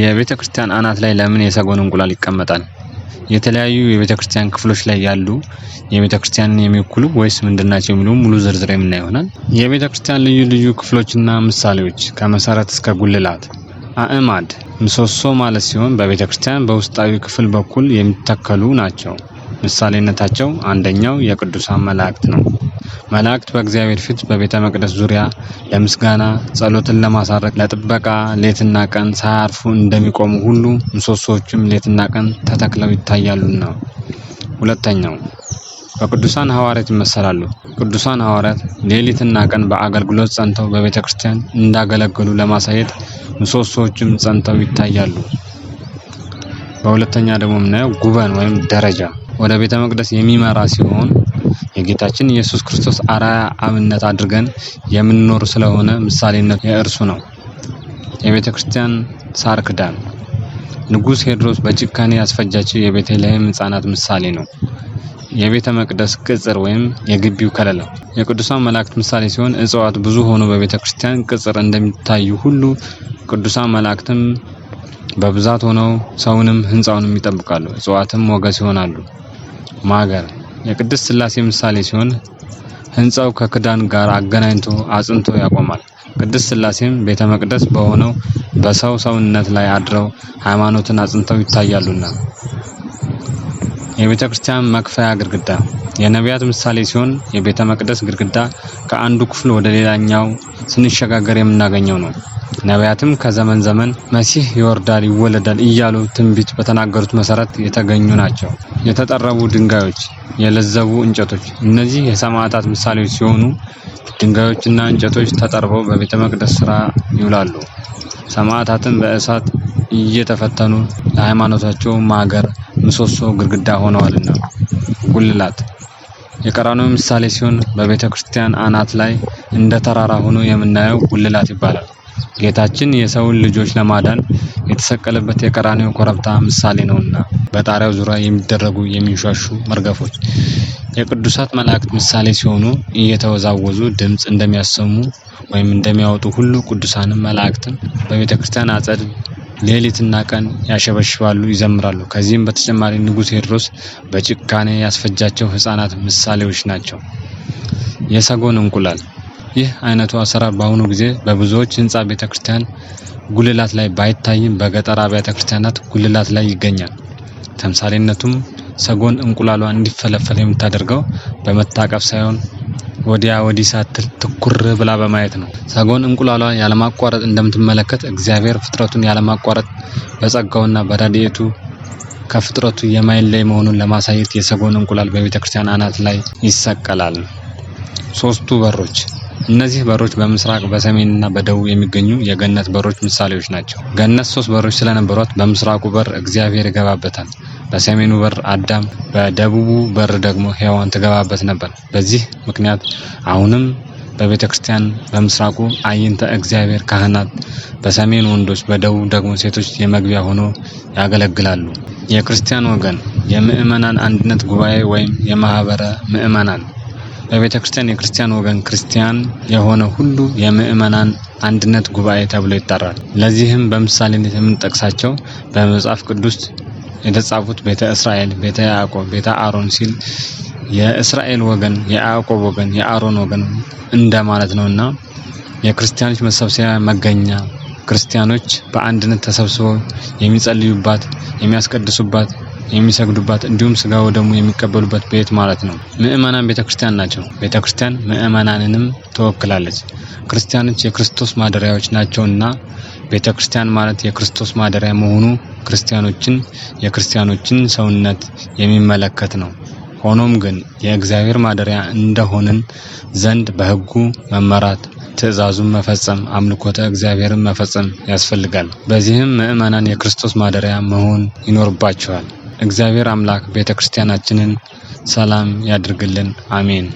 የቤተ ክርስቲያን አናት ላይ ለምን የሰጎን እንቁላል ይቀመጣል? የተለያዩ የቤተ ክርስቲያን ክፍሎች ላይ ያሉ የቤተ ክርስቲያንን የሚወክሉ ወይስ ምንድናቸው የሚሉ ሙሉ ዝርዝር የምና ይሆናል። የቤተ ክርስቲያን ልዩ ልዩ ክፍሎችና ምሳሌዎች ከመሰረት እስከ ጉልላት፣ አእማድ ምሰሶ ማለት ሲሆን በቤተ ክርስቲያን በውስጣዊ ክፍል በኩል የሚተከሉ ናቸው። ምሳሌነታቸው አንደኛው የቅዱሳን መላእክት ነው። መላእክት በእግዚአብሔር ፊት በቤተ መቅደስ ዙሪያ ለምስጋና ጸሎትን ለማሳረግ ለጥበቃ ሌትና ቀን ሳያርፉ እንደሚቆሙ ሁሉ ምሰሶዎችም ሌትና ቀን ተተክለው ይታያሉና። ሁለተኛው በቅዱሳን ሐዋርያት ይመሰላሉ። ቅዱሳን ሐዋርያት ሌሊትና ቀን በአገልግሎት ጸንተው በቤተ ክርስቲያን እንዳገለገሉ ለማሳየት ምሰሶዎችም ጸንተው ይታያሉ። በሁለተኛ ደግሞ የምናየው ጉበን ወይም ደረጃ ወደ ቤተ መቅደስ የሚመራ ሲሆን የጌታችን ኢየሱስ ክርስቶስ አርአያ አብነት አድርገን የምንኖር ስለሆነ ምሳሌነት የእርሱ ነው። የቤተ ክርስቲያን ሳር ክዳን ንጉሥ ሄድሮስ በጭካኔ ያስፈጃቸው የቤተልሔም ሕፃናት ምሳሌ ነው። የቤተ መቅደስ ቅጽር ወይም የግቢው ከለላ የቅዱሳን መላእክት ምሳሌ ሲሆን እጽዋት ብዙ ሆኖ በቤተ ክርስቲያን ቅጽር እንደሚታዩ ሁሉ ቅዱሳን መላእክትም በብዛት ሆነው ሰውንም ሕንፃውንም ይጠብቃሉ። እጽዋትም ሞገስ ይሆናሉ። ማገር የቅድስት ስላሴ ምሳሌ ሲሆን ህንፃው ከክዳን ጋር አገናኝቶ አጽንቶ ያቆማል። ቅድስት ስላሴም ቤተ መቅደስ በሆነው በሰው ሰውነት ላይ አድረው ሃይማኖትን አጽንተው ይታያሉና። የቤተ ክርስቲያን መክፈያ ግድግዳ የነቢያት ምሳሌ ሲሆን የቤተ መቅደስ ግድግዳ ከአንዱ ክፍል ወደ ሌላኛው ስንሸጋገር የምናገኘው ነው። ነቢያትም ከዘመን ዘመን መሲህ ይወርዳል ይወለዳል እያሉ ትንቢት በተናገሩት መሰረት የተገኙ ናቸው። የተጠረቡ ድንጋዮች፣ የለዘቡ እንጨቶች እነዚህ የሰማዕታት ምሳሌዎች ሲሆኑ ድንጋዮችና እንጨቶች ተጠርበው በቤተ መቅደስ ስራ ይውላሉ። ሰማዕታትም በእሳት እየተፈተኑ ለሃይማኖታቸው ማገር፣ ምሰሶ፣ ግድግዳ ሆነዋልና። ጉልላት የቀራንዮ ምሳሌ ሲሆን በቤተ ክርስቲያን አናት ላይ እንደ ተራራ ሆኖ የምናየው ጉልላት ይባላል። ጌታችን የሰውን ልጆች ለማዳን የተሰቀለበት የቀራኔው ኮረብታ ምሳሌ ነውና በጣሪያው ዙሪያ የሚደረጉ የሚንሻሹ መርገፎች የቅዱሳት መላእክት ምሳሌ ሲሆኑ እየተወዛወዙ ድምፅ እንደሚያሰሙ ወይም እንደሚያወጡ ሁሉ ቅዱሳንም መላእክትን በቤተ ክርስቲያን አጸድ ሌሊትና ቀን ያሸበሽባሉ፣ ይዘምራሉ። ከዚህም በተጨማሪ ንጉሥ ሄድሮስ በጭካኔ ያስፈጃቸው ሕፃናት ምሳሌዎች ናቸው። የሰጎን እንቁላል ይህ አይነቱ አሰራር በአሁኑ ጊዜ በብዙዎች ህንፃ ቤተክርስቲያን ጉልላት ላይ ባይታይም በገጠር አብያተ ክርስቲያናት ጉልላት ላይ ይገኛል። ተምሳሌነቱም ሰጎን እንቁላሏ እንዲፈለፈል የምታደርገው በመታቀፍ ሳይሆን ወዲያ ወዲህ ሳትል ትኩር ብላ በማየት ነው። ሰጎን እንቁላሏ ያለማቋረጥ እንደምትመለከት እግዚአብሔር ፍጥረቱን ያለማቋረጥ በጸጋውና በረድኤቱ ከፍጥረቱ የማይለይ መሆኑን ለማሳየት የሰጎን እንቁላል በቤተክርስቲያን አናት ላይ ይሰቀላል። ሶስቱ በሮች እነዚህ በሮች በምስራቅ፣ በሰሜን እና በደቡብ የሚገኙ የገነት በሮች ምሳሌዎች ናቸው። ገነት ሶስት በሮች ስለነበሯት በምስራቁ በር እግዚአብሔር ይገባበታል፣ በሰሜኑ በር አዳም፣ በደቡቡ በር ደግሞ ሔዋን ትገባበት ነበር። በዚህ ምክንያት አሁንም በቤተ ክርስቲያን በምስራቁ አይንተ እግዚአብሔር ካህናት፣ በሰሜን ወንዶች፣ በደቡብ ደግሞ ሴቶች የመግቢያ ሆኖ ያገለግላሉ። የክርስቲያን ወገን የምዕመናን አንድነት ጉባኤ ወይም የማህበረ ምዕመናን በቤተ ክርስቲያን የክርስቲያን ወገን ክርስቲያን የሆነ ሁሉ የምእመናን አንድነት ጉባኤ ተብሎ ይጠራል። ለዚህም በምሳሌነት የምንጠቅሳቸው በመጽሐፍ ቅዱስ የተጻፉት ቤተ እስራኤል፣ ቤተ ያዕቆብ፣ ቤተ አሮን ሲል የእስራኤል ወገን፣ የያዕቆብ ወገን፣ የአሮን ወገን እንደማለት እና የክርስቲያኖች መሰብሰቢያ መገኛ ክርስቲያኖች በአንድነት ተሰብስበው የሚጸልዩባት የሚያስቀድሱባት የሚሰግዱባት እንዲሁም ስጋው ደግሞ የሚቀበሉበት ቤት ማለት ነው። ምእመናን ቤተ ክርስቲያን ናቸው። ቤተ ክርስቲያን ምእመናንንም ትወክላለች። ክርስቲያኖች የክርስቶስ ማደሪያዎች ናቸውና ቤተ ክርስቲያን ማለት የክርስቶስ ማደሪያ መሆኑ ክርስቲያኖችን የክርስቲያኖችን ሰውነት የሚመለከት ነው። ሆኖም ግን የእግዚአብሔር ማደሪያ እንደሆንን ዘንድ በሕጉ መመራት ትእዛዙን መፈጸም አምልኮተ እግዚአብሔርን መፈጸም ያስፈልጋል። በዚህም ምእመናን የክርስቶስ ማደሪያ መሆን ይኖርባቸዋል። እግዚአብሔር አምላክ ቤተክርስቲያናችንን ሰላም ያድርግልን አሜን።